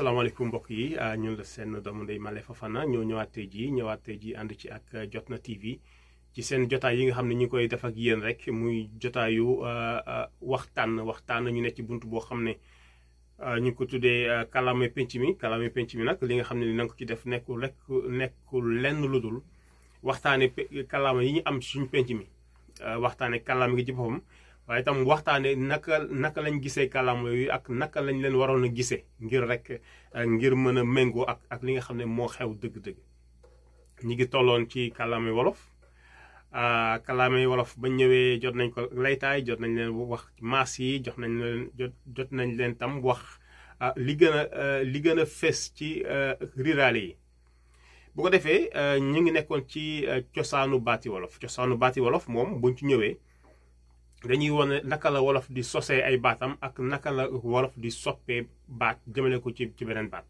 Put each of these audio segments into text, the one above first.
salaamaaleykum mbokk yi ah, ñun la seen doomu ndey Male Fofana ñoo ñëwaat tey jii ñëwaat tey jii ànd ci ak Jotna TV ci seen jotaay yi nga xam ne ñu koy def ak yéen rek muy jotaayu ah, ah, waxtaan waxtaan ñu nekk ci bunt boo xam ne ñu ko tuddee kàllaame penc mi kàllaame penc mi nag li nga xam ne na ko ci def nekkul rek nekkul lenn lu dul waxtaane kàllaama yi ñu am suñu penc mi waxtaane kàllaama ngi ci boppam waaye tam waxtaanee naka naka lañ gisee kàllaama yooyu ak naka lañ leen waroon a gisee ngir rek eh, ngir mën a méngoo ak ak li nga xam ne moo xew dëgg-dëgg ñi ngi tolloon ci kàllaamay wolof ah, kàllaamay wolof ba ñëwee jot nañ ko laytaay jot nañ leen wax maas yi jox nañ jot jot nañ leen tam wax ah, li gën a eh, li gën a fés ci eh, rurale yi boo ko defee ñu ngi nekkoon ci cosaanu baati wolof cosaanu baati wolof moom buñ ci ñëwee dañuy wane naka la wolof di sosee ay baatam ak naka la wolof di soppee baat jëmale ko ci ci beneen baat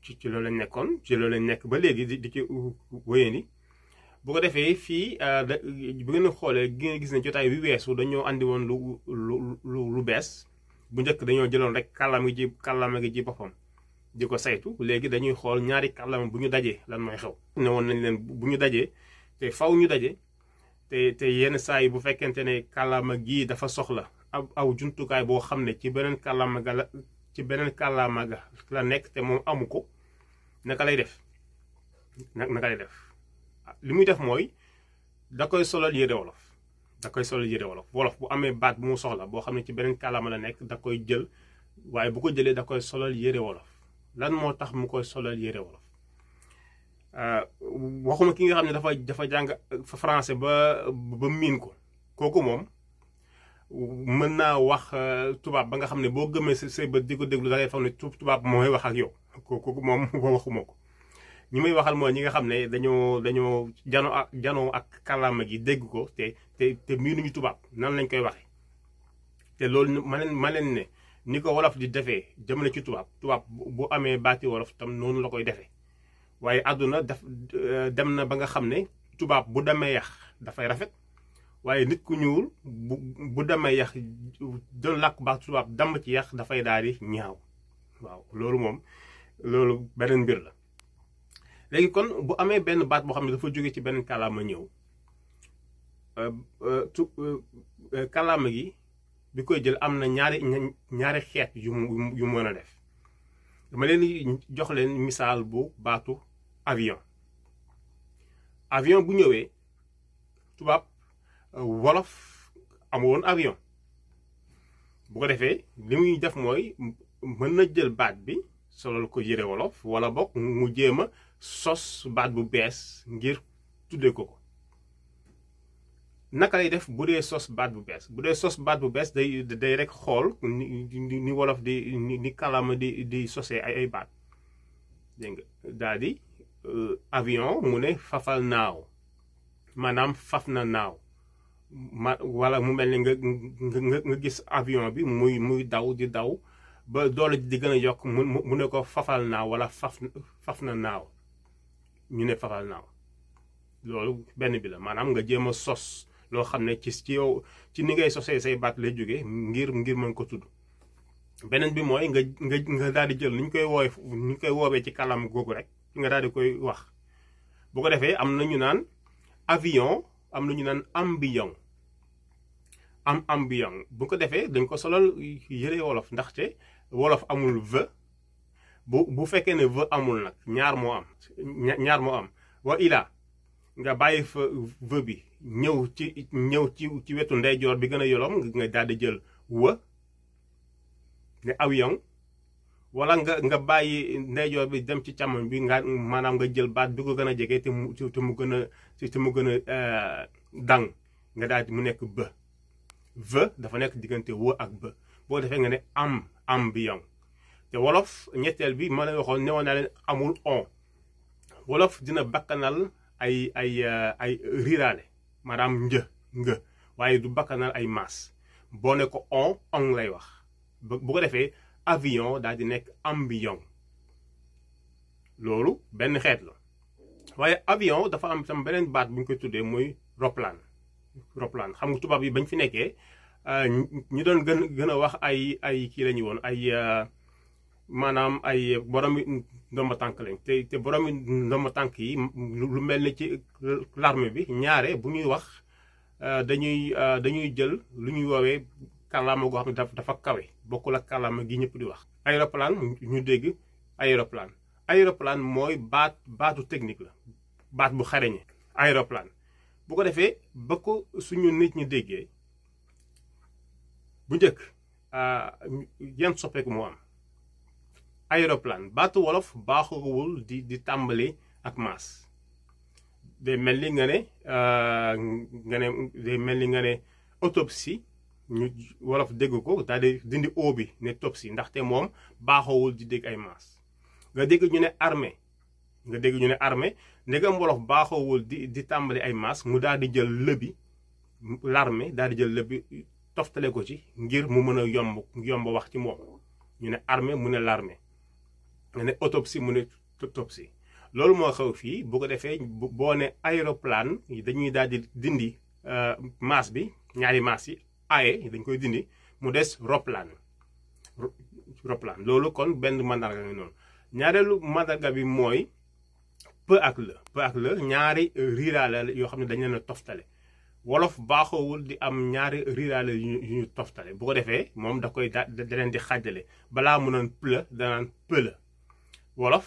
ci ci loolu lañ nekkoon ci loolu lañ nekk ba léegi di di ci ni bu ko defee fii euh, bu ngeen xoolee gi gis ne jotaay bi weesu dañoo andi woon lu lu lu lu bees bu njëkk dañoo jëloon rek kàllaama gi ji kàllaama gi ji boppam di ko saytu léegi dañuy xool ñaari kàllaama bu ñu dajee lan mooy xew. ne woon nañ leen bu ñu dajee te faw ñu daje te te yenn saa yi bu fekkente ne kàllaama gii dafa soxla ab aw jumtukaay boo xam ne ci beneen kàllaama ga la ci beneen kàllaama ga la nekk te moom amu ko naka lay def naka lay def ah, li muy def mooy da koy solal yére wolof da koy solal yére wolof wolof bu amee baat bu mu soxla boo xam ne ci beneen kàllaama la nekk da koy jël waaye bu ko jëlee da koy solal yére wolof lan moo tax mu koy solal yére wolof Euh, waxuma ki nga xam ne dafa dafa jàng euh, français ba ba miin ko kooku moom mën naa wax euh, tubaab ba nga xam ne boo gëmee si say bët di ko déglu da ngay ne tubaab mooy wax ak yow kooku moom waxuma ko ñi may waxal mooy ñi nga xam ne dañoo dañoo janoo ak ah, janoo ak kàllaama gi dégg ko te te te miinuñu tubaab nan lañ koy waxee te loolu ma leen ma leen ne ni ko wolof di defee jëmale ci tubaab tubaab bu amee baati wolof tam noonu la koy defee waaye àdduna daf euh, dem na ba nga xam ne tubaab bu demee yax dafay rafet waaye nit ku ñuul bu bu demee yax doon làkk baax tubaab damm ci yax dafay daal ñaaw waaw loolu moom loolu beneen mbir la léegi kon bu amee benn baat boo xam ne dafa jóge ci benn kàllaama ñëw euh, euh, tu gi bi koy jël am na ñaari ñaari xeet yu mu yu mën a def dama leen jox leen misaal bu baatu avion avion bu ñëwee tubaab euh, wolof amu woon avion bu ko defee li muy def mooy mën na jël baat bi solal ko yëre wolof wala bokk mu jéema sos baat bu bees ngir tuddee ko ko naka lay def bu dee sos baat bu bees bu dee sos baat bu bees day day rek xool ni ni wolof di ni kàllaama di di sosee ay ay baat dégg nga daal Euh, avion mu ne fafal naaw maanaam faf na naaw ma wala mu mel ni nga nga nga gis avion bi muy muy daw di daw ba doole di gën a yokk mu ne ko fafal naaw wala faf faf na naaw ñu ne fafal naaw loolu benn bi la maanaam nga jéem a sos loo xam ne ci ci yow ci ni ngay sosee say baat lay jóge ngir ngir mën ko tudd beneen bi mooy nga nga nga daal di jël ni ñu koy woowee ni ñu koy woowee ci kàllaama googu rek. nga daal di koy wax bu ko defee am na ñu naan avion am na ñu naan ambiyon am ambiyon bu ko defee dañ ko solal yére wolof ndaxte wolof amul v bu bu fekkee ne v amul nag ñaar moo am ñaar moo am wa ilaa nga bàyyi fa v bi ñëw ci ñëw ci ci wetu ndeyjoor bi gën a yolom nga daal di jël wa ne avion wala nga nga bàyyi ndeyjoor bi dem ci càmmoñ bi nga maanaam nga jël baat bi ko gën a jege te mu te mu gën a te mu gën a euh, dang nga daal mu nekk bë vë dafa nekk diggante wë ak bë boo defee nga ne am am bi te wolof ñetteel bi ma la waxoon newoon naa leen amul on wolof dina bakkanal ay ay euh, ay riiraale maanaam një nga waaye du bakkanal ay maas boo ne ko on on lay wax bu ko defee avion daal di nekk ambion loolu benn xeet la waaye avion dafa am tam beneen baat bu ñu koy tuddee mooy roplaan roplaan xam nga tubaab yi bañ fi nekkee euh, ñu doon gën gën a wax ay ay kii lañuy ñu woon ay euh, maanaam ay boromi ndomba tànk lañ te te boromi ndomba tànk yi lu mel ni ci l'armée bi ñaare bu ñuy wax euh, dañuy dañuy jël lu ñuy woowee kàllaama goo xam ne dafa kawe bokkul ak kàllaama gi ñëpp di wax. aéroplane ñu dégg aéroplane aéroplane mooy baat baatu technique la baat bu xareñe aéroplane bu ko defee ba suñu nit ñi déggee bu njëkk ah, yan soppeeku moo am aéroplane baatu wolof baaxuwul di di tàmbali ak maas day mel ni nga ne ah, day mel ni nga ne autopsie. ñu wolof dégg ko cest à dindi o bi ne topsi ndaxte moom baaxoowul di dégg ay maas nga dégg ñu ne armée nga dégg ñu ne armée ndégam wolof baaxoowul di di tàmbali ay maas mu daal di jël lëbi l'armée daal di jël lëbi toftale ko ci ngir mu mën a yomb yomb wax ci moom ñu ne armée mu ne l'armée nga ne autopsie mu ne topsi loolu moo xew fii bu ko defee boo ne aéroplane dañuy daal di dindi euh, maas bi ñaari maas yi aye dañ koy dindi mu des roplaan roplaan loolu kon benn mandarga ngi noonu ñaareelu mandarga bi mooy peu ak la peu ak la ñaari riiraale yoo xam ne dañ leen a toftale wolof baaxoowul di am ñaari riiraale yu ñu toftale bu ko defee moom da koy da da leen di xàjjale balaa mu naan plë danaan pëla wolof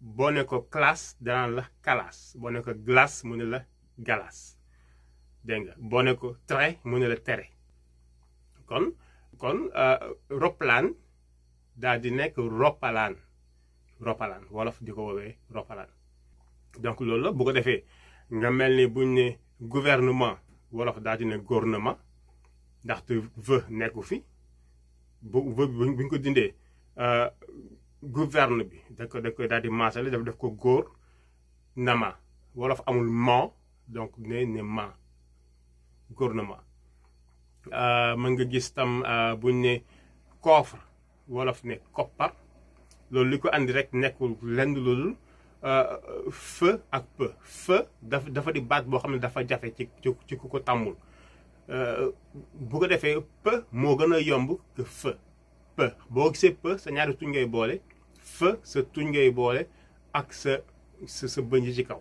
boo ne ko classe danaan la kalaas boo ne ko glace mu ne la galaas dégg nga boo ne ko trait mu ne la tere kon kon euh, roplaan daal di nekk roppalaan roppalaan wolof di ko woowee roppalaan donc loolu la bu ko defee nga mel ni buñ ne gouvernement wolof daal di ne gouvernement ndaxte vë nekku fi bu vë buñ ko dindee euh, gouverne bi da ko da ko daal di maasale daf def ko góor nama wolof amul man donc ne ne man gouvernement Euh, mën nga gis tam euh, buñ ne coffre wolof ne koppar loolu li ko indi rek nekkul lenn loolu euh, fë ak peu fë dafa dafa di baat boo xam ne dafa jafe ci ci ku ko tàmmul bu ko defee peu moo gën a yomb que fë boo gisee peu sa ñaari tuñ ngay boole fë sa tuñ ngay boole ak sa sa sa bëñ ci kaw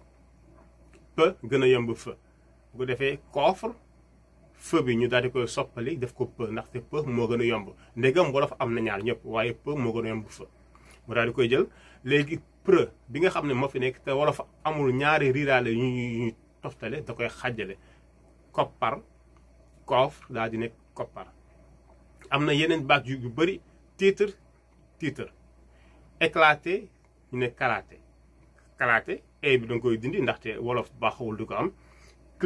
peu gën a yomb fë bu ko defee coffre feu bi ñu daal di koy soppali def ko peu ndaxte peu moo gën a yomb ndegam wolof am na ñaar ñëpp waaye peu moo gën a yomb feu mu daal di koy jël léegi preu bi nga xam ne moo fi nekk te wolof amul ñaari riiraale yu ñuy toftale da koy xajale koppar coffre daal di nekk koppar am na yeneen baat yu bari titre titre éclaté ñu ne karaté karaté e bi danga koy dindi ndaxte wolof baaxawul du ko am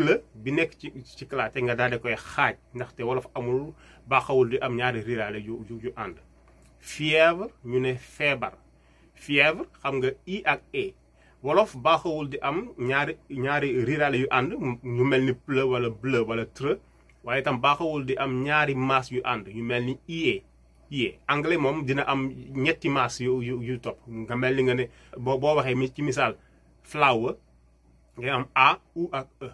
la bi nekk ci ci claté nga daal de koy xaaj ndaxte wolof amul baaxawul di am ñaari riraale yu yu ànd fièvre ñu ne feebar fièvre xam nga i ak e wolof baaxawul di am ñaari ñaari riraale yu ànd ñu mel ni ple wala bleu wala tre waaye tam baaxawul di am ñaari maas yu ànd ñu mel ni ie ie anglais moom dina am ñetti maas yu yu yu topp nga mel ni nga ne boo boo waxee mi ci misaal flower ngay am a u ak e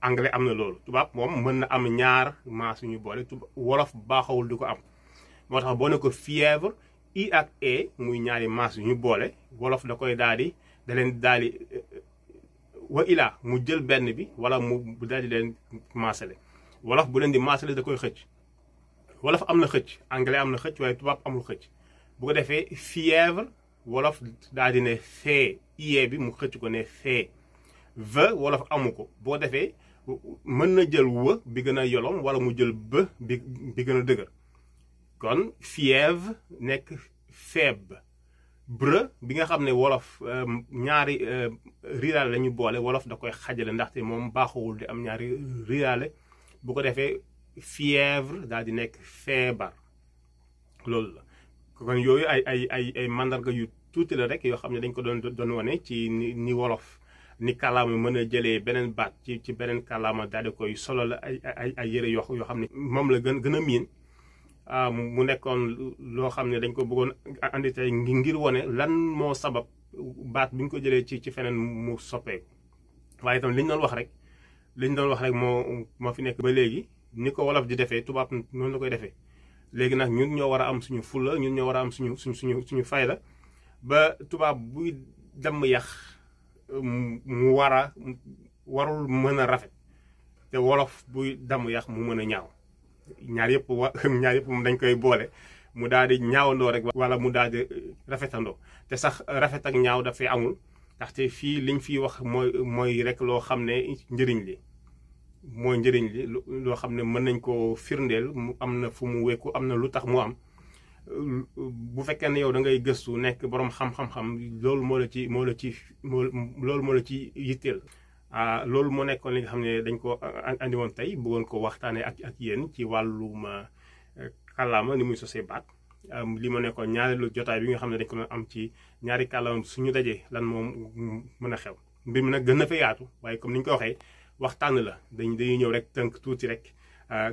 anglais am na loolu tubaab moom mën na am ñaar maas yu ñu boole wolof baaxawul di ko am moo tax boo ne ko fièvre i ak e muy ñaari maas yu ñu boole wolof da koy daal di da leen daal di eh, wa ilaa mu jël benn bi wala mu daal di leen maasale wolof bu leen di maasale da koy xëcc wolof am na xëcc anglais am na xëcc waaye tubaab amul xëcc bu defee fièvre wolof daal di ne fee iyee bi mu xëcc ko ne fee ve wolof amu ko bu defee mën na jël wë bi gën a yolom wala mu jël bë bi bi gën a dëgër kon fièvre nekk faible bre bi nga xam ne wolof euh, ñaari euh, riiraale la ñu boole wolof da koy xajale ndaxte moom baaxawul di am ñaari riiraale bu ko defee fièvre daal di nekk feebar loolu la kon yooyu ay ay ay ay yu tuuti la rek yoo xam ne dañ ko doon doon wane ci ni wolof ni kàllaama mën a jëlee beneen baat ci ci beneen kàllaama daal koy solo la ay ay ay yëre yoo yoo xam ne moom la gën gën a miin ah, mu nekkoon loo xam ne dañ ko bëggoon andi tey ngir wone lan moo sabab baat bi ñu ko jëlee ci ci feneen mu soppee waaye itam li ñu doon wax rek li ñu doon wax rek moo moo fi nekk ba léegi ni ko wolof di defee tubaab noonu la koy defee léegi nag ñu ñoo war a am suñu fulla ñun ñoo war a am suñu suñu suñu suñu fayda ba tubaab buy damm yàq mu war a warul mën a rafet te wolof buy damm yax mu mën a ñaaw ñaar yëpp wa ñaar yëpp moom dañ koy boole mu daal di ñaawandoo rek wala mu daal rafetandoo te sax rafet ak ñaaw dafay amul taxte fii liñ fi wax mooy rek loo xam ne njëriñ li mooy njëriñ li loo xam ne mën nañ koo firndeel mu am na fu mu wekku am na lu tax mu am bu fekkee ne yow da ngay gëstu nekk boroom xam-xam-xam loolu moo la ci moo la ci moo loolu moo la ci yitteel. Ah, loolu moo nekkoon li nga xam ne dañ ko andi tey bëggoon ko waxtaanee ak ak yéen ci wàllum eh, kàllaama ni muy sosee baat li ma nekkoon ñaareelu jotaay bi nga xam ne dañ ko am ci ñaari kàllaama suñu dajee lan moom mën a xew mbir mën nag gën a fa waaye comme ni ñu ko waxee waxtaan la dañ dañuy ñëw rek tënk tuuti rek ah,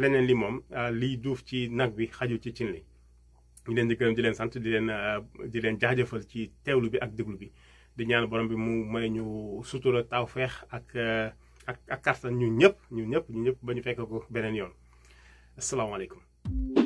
leneen li moom ah, liy duuf ci nag bi xaju ci cin li ñu leen di gërëm di leen sant di leen euh, di leen jaajëfal ci teewlu bi ak déglu bi di ñaan borom bi mu may ñu sutura taw feex ak euh, ak ak kàttan ñun ñëpp ñu ñëpp ñun ñëpp ba ñu fekk ko beneen yoon asalaamaaleykum